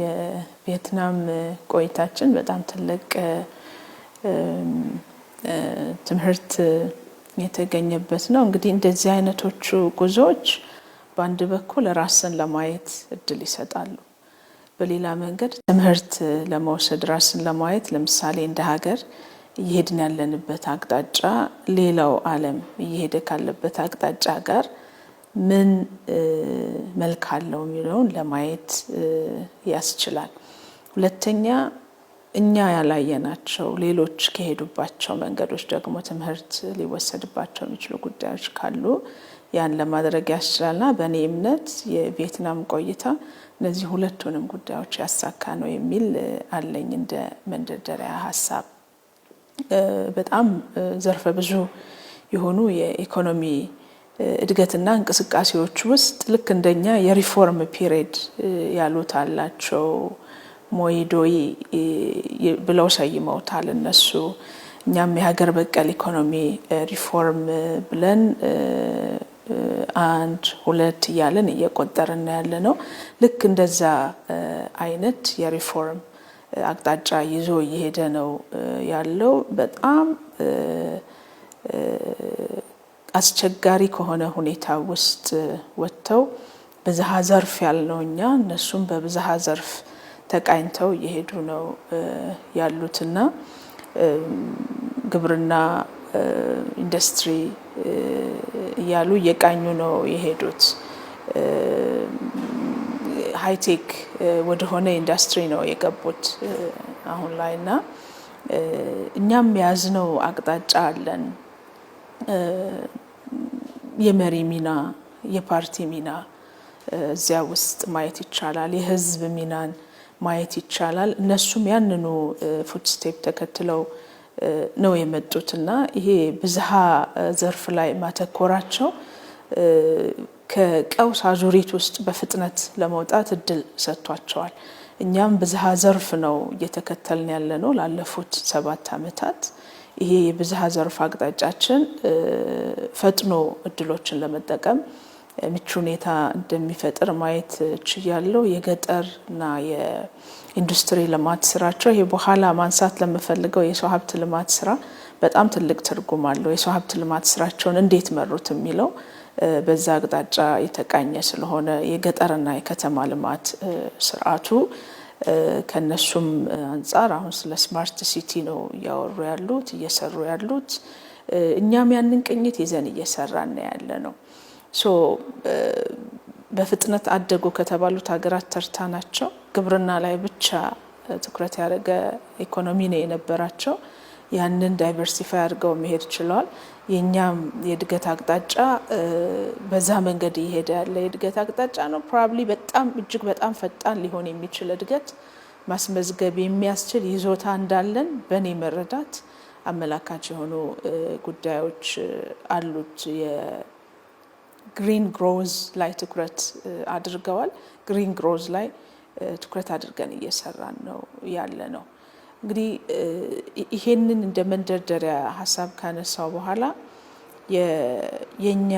የቪየትናም ቆይታችን በጣም ትልቅ ትምህርት የተገኘበት ነው። እንግዲህ እንደዚህ አይነቶቹ ጉዞዎች በአንድ በኩል ራስን ለማየት እድል ይሰጣሉ፣ በሌላ መንገድ ትምህርት ለመውሰድ ራስን ለማየት ለምሳሌ እንደ ሀገር እየሄድን ያለንበት አቅጣጫ ሌላው ዓለም እየሄደ ካለበት አቅጣጫ ጋር ምን መልክ አለው የሚለውን ለማየት ያስችላል። ሁለተኛ እኛ ያላየናቸው ሌሎች ከሄዱባቸው መንገዶች ደግሞ ትምህርት ሊወሰድባቸው የሚችሉ ጉዳዮች ካሉ ያን ለማድረግ ያስችላልና በእኔ እምነት የቪየትናም ቆይታ እነዚህ ሁለቱንም ጉዳዮች ያሳካ ነው የሚል አለኝ እንደ መንደርደሪያ ሀሳብ። በጣም ዘርፈ ብዙ የሆኑ የኢኮኖሚ እድገትና እንቅስቃሴዎች ውስጥ ልክ እንደኛ የሪፎርም ፒሪድ ያሉት አላቸው። ሞይዶይ ብለው ሰይመውታል እነሱ። እኛም የሀገር በቀል ኢኮኖሚ ሪፎርም ብለን አንድ ሁለት እያለን እየቆጠርን ያለ ነው። ልክ እንደዛ አይነት የሪፎርም አቅጣጫ ይዞ እየሄደ ነው ያለው በጣም አስቸጋሪ ከሆነ ሁኔታ ውስጥ ወጥተው ብዝሃ ዘርፍ ያልነው እኛ እነሱም በብዝሃ ዘርፍ ተቃኝተው እየሄዱ ነው ያሉትና ግብርና ኢንዱስትሪ እያሉ እየቃኙ ነው የሄዱት። ሃይቴክ ወደሆነ ኢንዱስትሪ ነው የገቡት አሁን ላይ እና እኛም የያዝነው አቅጣጫ አለን። የመሪ ሚና፣ የፓርቲ ሚና እዚያ ውስጥ ማየት ይቻላል። የህዝብ ሚናን ማየት ይቻላል። እነሱም ያንኑ ፉትስቴፕ ተከትለው ነው የመጡት እና ይሄ ብዝሃ ዘርፍ ላይ ማተኮራቸው ከቀውስ አዙሪት ውስጥ በፍጥነት ለመውጣት እድል ሰጥቷቸዋል። እኛም ብዝሃ ዘርፍ ነው እየተከተልን ያለ ነው ላለፉት ሰባት ዓመታት ይሄ የብዝሃ ዘርፍ አቅጣጫችን ፈጥኖ እድሎችን ለመጠቀም ምቹ ሁኔታ እንደሚፈጥር ማየት ችያለው የገጠርና የኢንዱስትሪ ልማት ስራቸው ይሄ በኋላ ማንሳት ለምፈልገው የሰው ሀብት ልማት ስራ በጣም ትልቅ ትርጉም አለው። የሰው ሀብት ልማት ስራቸውን እንዴት መሩት የሚለው በዛ አቅጣጫ የተቃኘ ስለሆነ የገጠርና የከተማ ልማት ስርዓቱ ከነሱም አንጻር አሁን ስለ ስማርት ሲቲ ነው እያወሩ ያሉት እየሰሩ ያሉት። እኛም ያንን ቅኝት ይዘን እየሰራን ያለ ነው። በፍጥነት አደጉ ከተባሉት ሀገራት ተርታ ናቸው። ግብርና ላይ ብቻ ትኩረት ያደረገ ኢኮኖሚ ነው የነበራቸው። ያንን ዳይቨርሲፋይ አድርገው መሄድ ችለዋል። የእኛም የእድገት አቅጣጫ በዛ መንገድ እየሄደ ያለ የእድገት አቅጣጫ ነው። ፕሮባብሊ በጣም እጅግ በጣም ፈጣን ሊሆን የሚችል እድገት ማስመዝገብ የሚያስችል ይዞታ እንዳለን በእኔ መረዳት አመላካች የሆኑ ጉዳዮች አሉት። የግሪን ግሮዝ ላይ ትኩረት አድርገዋል። ግሪን ግሮዝ ላይ ትኩረት አድርገን እየሰራን ነው ያለ ነው። እንግዲህ ይሄንን እንደ መንደርደሪያ ሀሳብ ካነሳው በኋላ የእኛ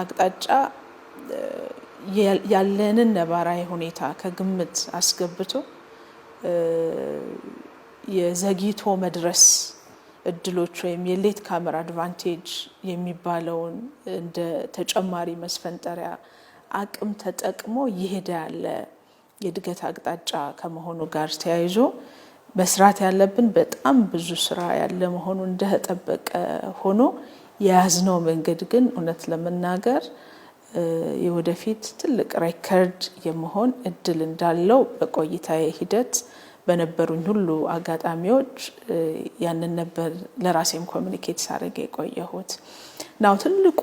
አቅጣጫ ያለንን ነባራዊ ሁኔታ ከግምት አስገብቶ የዘግይቶ መድረስ እድሎች ወይም የሌት ካመር አድቫንቴጅ የሚባለውን እንደ ተጨማሪ መስፈንጠሪያ አቅም ተጠቅሞ እየሄደ ያለ የእድገት አቅጣጫ ከመሆኑ ጋር ተያይዞ መስራት ያለብን በጣም ብዙ ስራ ያለ መሆኑ እንደተጠበቀ ሆኖ የያዝነው መንገድ ግን እውነት ለመናገር የወደፊት ትልቅ ሬከርድ የመሆን እድል እንዳለው በቆይታዬ ሂደት በነበሩኝ ሁሉ አጋጣሚዎች ያንን ነበር ለራሴም ኮሚኒኬት ሳደርግ የቆየሁት። ናው ትልቁ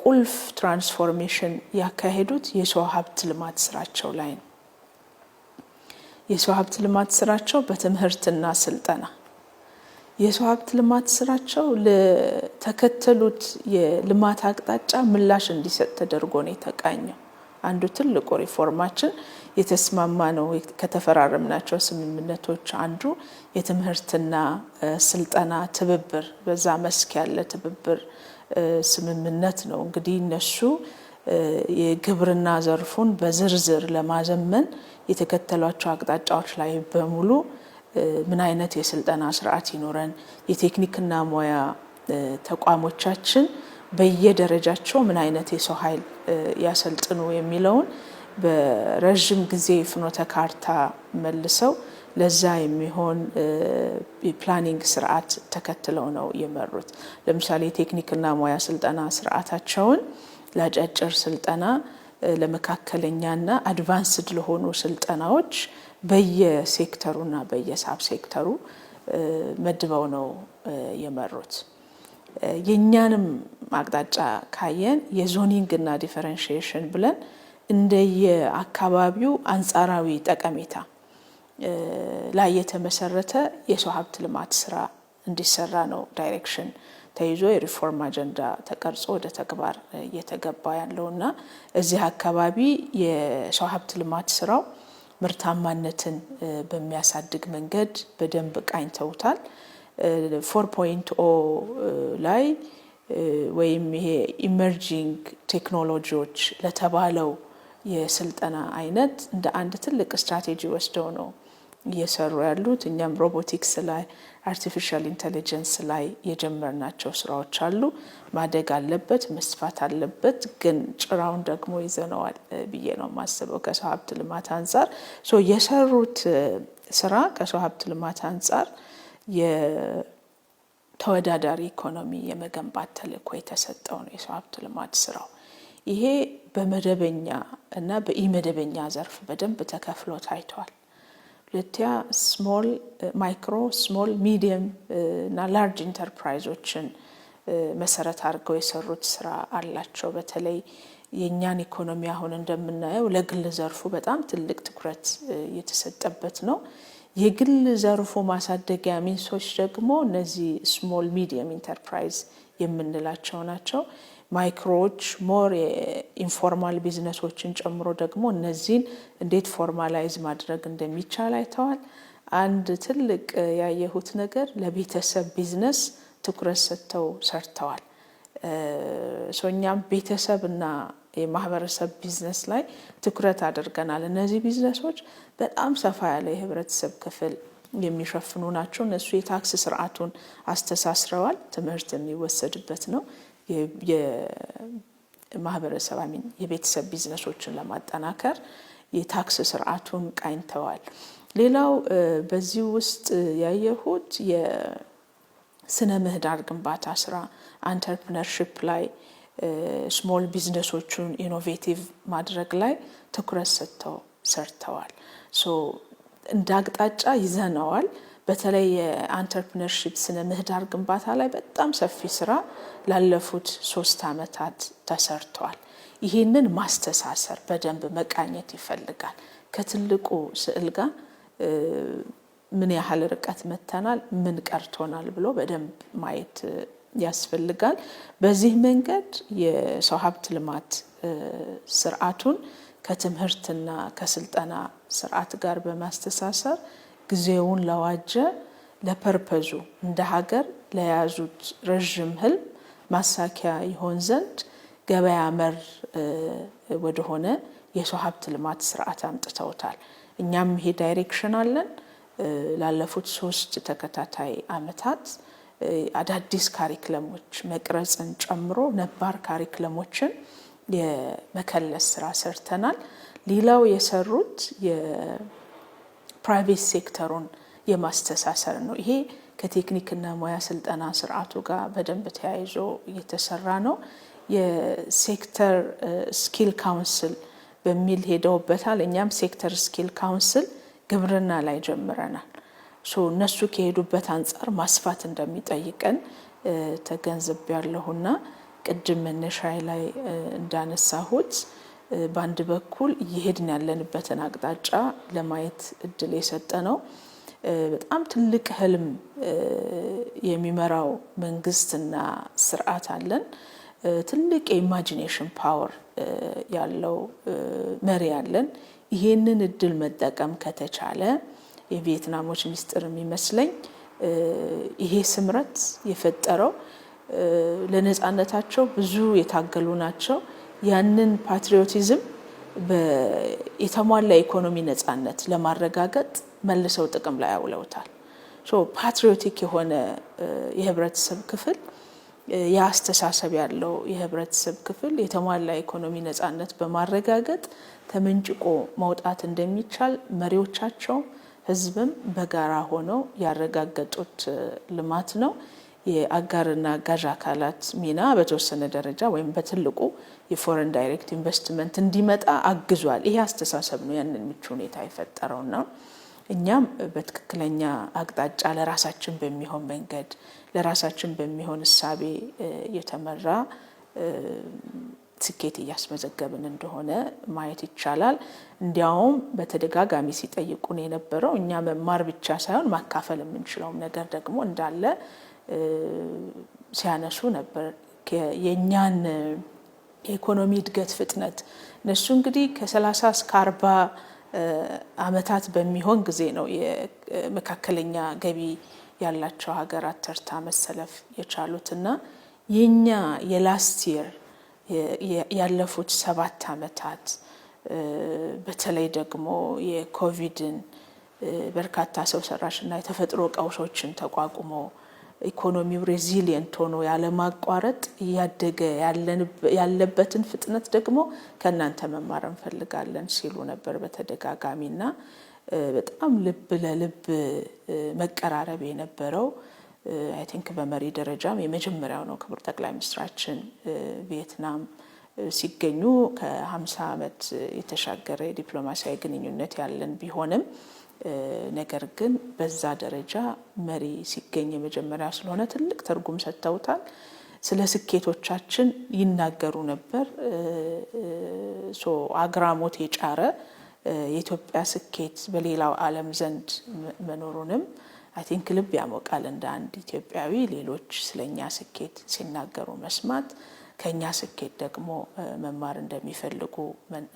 ቁልፍ ትራንስፎርሜሽን ያካሄዱት የሰው ሀብት ልማት ስራቸው ላይ ነው። የሰው ሀብት ልማት ስራቸው በትምህርትና ስልጠና የሰው ሀብት ልማት ስራቸው ለተከተሉት የልማት አቅጣጫ ምላሽ እንዲሰጥ ተደርጎ ነው የተቃኘው። አንዱ ትልቁ ሪፎርማችን የተስማማ ነው ከተፈራረምናቸው ስምምነቶች አንዱ የትምህርትና ስልጠና ትብብር፣ በዛ መስክ ያለ ትብብር ስምምነት ነው። እንግዲህ እነሱ የግብርና ዘርፉን በዝርዝር ለማዘመን የተከተሏቸው አቅጣጫዎች ላይ በሙሉ ምን አይነት የስልጠና ስርዓት ይኖረን፣ የቴክኒክና ሙያ ተቋሞቻችን በየደረጃቸው ምን አይነት የሰው ኃይል ያሰልጥኑ የሚለውን በረዥም ጊዜ ፍኖተ ካርታ መልሰው ለዛ የሚሆን የፕላኒንግ ስርዓት ተከትለው ነው የመሩት። ለምሳሌ የቴክኒክና ሙያ ስልጠና ስርዓታቸውን ለአጫጭር ስልጠና ለመካከለኛና አድቫንስድ ለሆኑ ስልጠናዎች በየሴክተሩና በየሳብ ሴክተሩ መድበው ነው የመሩት። የእኛንም አቅጣጫ ካየን የዞኒንግና ዲፈረንሽሽን ብለን እንደየአካባቢው አንጻራዊ ጠቀሜታ ላይ የተመሰረተ የሰው ሀብት ልማት ስራ እንዲሰራ ነው ዳይሬክሽን ተይዞ የሪፎርም አጀንዳ ተቀርጾ ወደ ተግባር እየተገባ ያለው እና እዚህ አካባቢ የሰው ሀብት ልማት ስራው ምርታማነትን በሚያሳድግ መንገድ በደንብ ቃኝተውታል። ፎር ፖይንት ኦ ላይ ወይም ይሄ ኢመርጂንግ ቴክኖሎጂዎች ለተባለው የስልጠና አይነት እንደ አንድ ትልቅ ስትራቴጂ ወስደው ነው እየሰሩ ያሉት። እኛም ሮቦቲክስ ላይ አርቲፊሻል ኢንቴሊጀንስ ላይ የጀመርናቸው ስራዎች አሉ። ማደግ አለበት፣ መስፋት አለበት። ግን ጭራውን ደግሞ ይዘነዋል ብዬ ነው የማስበው ከሰው ሀብት ልማት አንጻር የሰሩት ስራ ከሰው ሀብት ልማት አንጻር የተወዳዳሪ ኢኮኖሚ የመገንባት ተልእኮ የተሰጠው ነው የሰው ሀብት ልማት ስራው። ይሄ በመደበኛ እና በኢመደበኛ ዘርፍ በደንብ ተከፍሎ ታይቷል። ሁለተኛ ስሞል ማይክሮ ስሞል ሚዲየም እና ላርጅ ኢንተርፕራይዞችን መሰረት አድርገው የሰሩት ስራ አላቸው። በተለይ የእኛን ኢኮኖሚ አሁን እንደምናየው ለግል ዘርፉ በጣም ትልቅ ትኩረት እየተሰጠበት ነው። የግል ዘርፉ ማሳደጊያ ሚንሶች ደግሞ እነዚህ ስሞል ሚዲየም ኢንተርፕራይዝ የምንላቸው ናቸው። ማይክሮዎች ሞር ኢንፎርማል ቢዝነሶችን ጨምሮ ደግሞ እነዚህን እንዴት ፎርማላይዝ ማድረግ እንደሚቻል አይተዋል። አንድ ትልቅ ያየሁት ነገር ለቤተሰብ ቢዝነስ ትኩረት ሰጥተው ሰርተዋል። እኛም ቤተሰብና የማህበረሰብ ቢዝነስ ላይ ትኩረት አድርገናል። እነዚህ ቢዝነሶች በጣም ሰፋ ያለ የህብረተሰብ ክፍል የሚሸፍኑ ናቸው። እነሱ የታክስ ስርዓቱን አስተሳስረዋል። ትምህርት የሚወሰድበት ነው። የማህበረሰብ አሚን የቤተሰብ ቢዝነሶችን ለማጠናከር የታክስ ስርዓቱን ቃኝተዋል። ሌላው በዚህ ውስጥ ያየሁት የስነ ምህዳር ግንባታ ስራ አንተርፕነርሽፕ ላይ ስሞል ቢዝነሶቹን ኢኖቬቲቭ ማድረግ ላይ ትኩረት ሰጥተው ሰርተዋል። እንደ አቅጣጫ ይዘነዋል። በተለይ የአንተርፕነርሽፕ ስነ ምህዳር ግንባታ ላይ በጣም ሰፊ ስራ ላለፉት ሶስት ዓመታት ተሰርተዋል። ይህንን ማስተሳሰር በደንብ መቃኘት ይፈልጋል። ከትልቁ ስዕል ጋር ምን ያህል ርቀት መተናል፣ ምን ቀርቶናል ብሎ በደንብ ማየት ያስፈልጋል። በዚህ መንገድ የሰው ሀብት ልማት ስርዓቱን ከትምህርትና ከስልጠና ስርዓት ጋር በማስተሳሰር ጊዜውን ለዋጀ ለፐርፐዙ እንደ ሀገር ለያዙት ረዥም ህልም ማሳኪያ ይሆን ዘንድ ገበያ መር ወደሆነ የሰው ሀብት ልማት ስርዓት አምጥተውታል። እኛም ይሄ ዳይሬክሽን አለን። ላለፉት ሶስት ተከታታይ አመታት አዳዲስ ካሪክለሞች መቅረጽን ጨምሮ ነባር ካሪክለሞችን የመከለስ ስራ ሰርተናል። ሌላው የሰሩት ፕራይቬት ሴክተሩን የማስተሳሰር ነው። ይሄ ከቴክኒክና ሙያ ስልጠና ስርዓቱ ጋር በደንብ ተያይዞ እየተሰራ ነው። የሴክተር ስኪል ካውንስል በሚል ሄደውበታል። እኛም ሴክተር ስኪል ካውንስል ግብርና ላይ ጀምረናል። እነሱ ከሄዱበት አንጻር ማስፋት እንደሚጠይቀን ያለሁና ቅድም መነሻዬ ላይ እንዳነሳሁት በአንድ በኩል እየሄድን ያለንበትን አቅጣጫ ለማየት እድል የሰጠ ነው። በጣም ትልቅ ህልም የሚመራው መንግስትና ስርዓት አለን። ትልቅ የኢማጂኔሽን ፓወር ያለው መሪ አለን። ይሄንን እድል መጠቀም ከተቻለ የቪየትናሞች ሚስጥር የሚመስለኝ ይሄ ስምረት የፈጠረው ለነፃነታቸው ብዙ የታገሉ ናቸው። ያንን ፓትሪዮቲዝም የተሟላ የኢኮኖሚ ነፃነት ለማረጋገጥ መልሰው ጥቅም ላይ አውለውታል። ፓትሪዮቲክ የሆነ የህብረተሰብ ክፍል የአስተሳሰብ ያለው የህብረተሰብ ክፍል የተሟላ ኢኮኖሚ ነፃነት በማረጋገጥ ተመንጭቆ መውጣት እንደሚቻል መሪዎቻቸው ህዝብም በጋራ ሆነው ያረጋገጡት ልማት ነው። የአጋርና ጋዥ አካላት ሚና በተወሰነ ደረጃ ወይም በትልቁ የፎረን ዳይሬክት ኢንቨስትመንት እንዲመጣ አግዟል። ይሄ አስተሳሰብ ነው ያንን ምቹ ሁኔታ የፈጠረውና እኛም በትክክለኛ አቅጣጫ ለራሳችን በሚሆን መንገድ ለራሳችን በሚሆን እሳቤ የተመራ ስኬት እያስመዘገብን እንደሆነ ማየት ይቻላል። እንዲያውም በተደጋጋሚ ሲጠይቁን የነበረው እኛ መማር ብቻ ሳይሆን ማካፈል የምንችለውም ነገር ደግሞ እንዳለ ሲያነሱ ነበር የእኛን የኢኮኖሚ እድገት ፍጥነት እነሱ እንግዲህ ከ30 እስከ 40 አመታት በሚሆን ጊዜ ነው የመካከለኛ ገቢ ያላቸው ሀገራት ተርታ መሰለፍ የቻሉት እና የእኛ የር ያለፉት ሰባት አመታት በተለይ ደግሞ የኮቪድን በርካታ ሰው ሰራሽና የተፈጥሮ ቀውሶችን ተቋቁሞ ኢኮኖሚው ሬዚሊየንት ሆኖ ያለማቋረጥ እያደገ ያለበትን ፍጥነት ደግሞ ከእናንተ መማር እንፈልጋለን ሲሉ ነበር በተደጋጋሚና በጣም ልብ ለልብ መቀራረብ የነበረው አይ ቲንክ በመሪ ደረጃም የመጀመሪያው ነው። ክቡር ጠቅላይ ሚኒስትራችን ቪየትናም ሲገኙ ከ50 ዓመት የተሻገረ የዲፕሎማሲያዊ ግንኙነት ያለን ቢሆንም ነገር ግን በዛ ደረጃ መሪ ሲገኝ የመጀመሪያ ስለሆነ ትልቅ ትርጉም ሰጥተውታል። ስለ ስኬቶቻችን ይናገሩ ነበር። አግራሞት የጫረ የኢትዮጵያ ስኬት በሌላው ዓለም ዘንድ መኖሩንም አይ ቲንክ ልብ ያሞቃል። እንደ አንድ ኢትዮጵያዊ ሌሎች ስለኛ ስኬት ሲናገሩ መስማት ከኛ ስኬት ደግሞ መማር እንደሚፈልጉ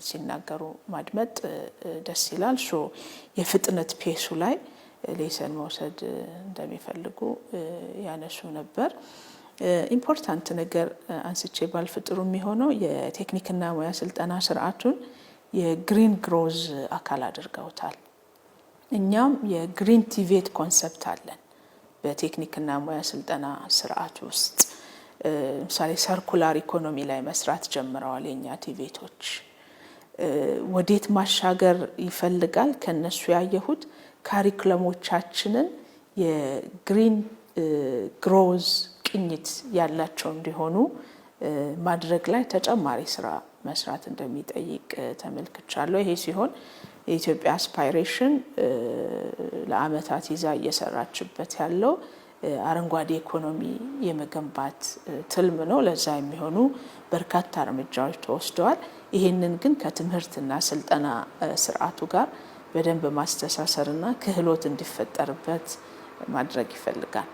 ሲናገሩ ማድመጥ ደስ ይላል። ሶ የፍጥነት ፔሱ ላይ ሌሰን መውሰድ እንደሚፈልጉ ያነሱ ነበር። ኢምፖርታንት ነገር አንስቼ ባልፍ ጥሩ የሚሆነው የቴክኒክና ሙያ ስልጠና ስርዓቱን የግሪን ግሮዝ አካል አድርገውታል። እኛም የግሪን ቲቬት ኮንሰፕት አለን በቴክኒክና ሙያ ስልጠና ስርዓት ውስጥ ለምሳሌ ሰርኩላር ኢኮኖሚ ላይ መስራት ጀምረዋል። የእኛ ቲቤቶች ወዴት ማሻገር ይፈልጋል? ከነሱ ያየሁት ካሪክለሞቻችንን የግሪን ግሮዝ ቅኝት ያላቸው እንዲሆኑ ማድረግ ላይ ተጨማሪ ስራ መስራት እንደሚጠይቅ ተመልክቻለሁ። ይሄ ሲሆን የኢትዮጵያ አስፓይሬሽን ለአመታት ይዛ እየሰራችበት ያለው አረንጓዴ ኢኮኖሚ የመገንባት ትልም ነው። ለዛ የሚሆኑ በርካታ እርምጃዎች ተወስደዋል። ይህንን ግን ከትምህርትና ስልጠና ስርዓቱ ጋር በደንብ ማስተሳሰርና ክህሎት እንዲፈጠርበት ማድረግ ይፈልጋል።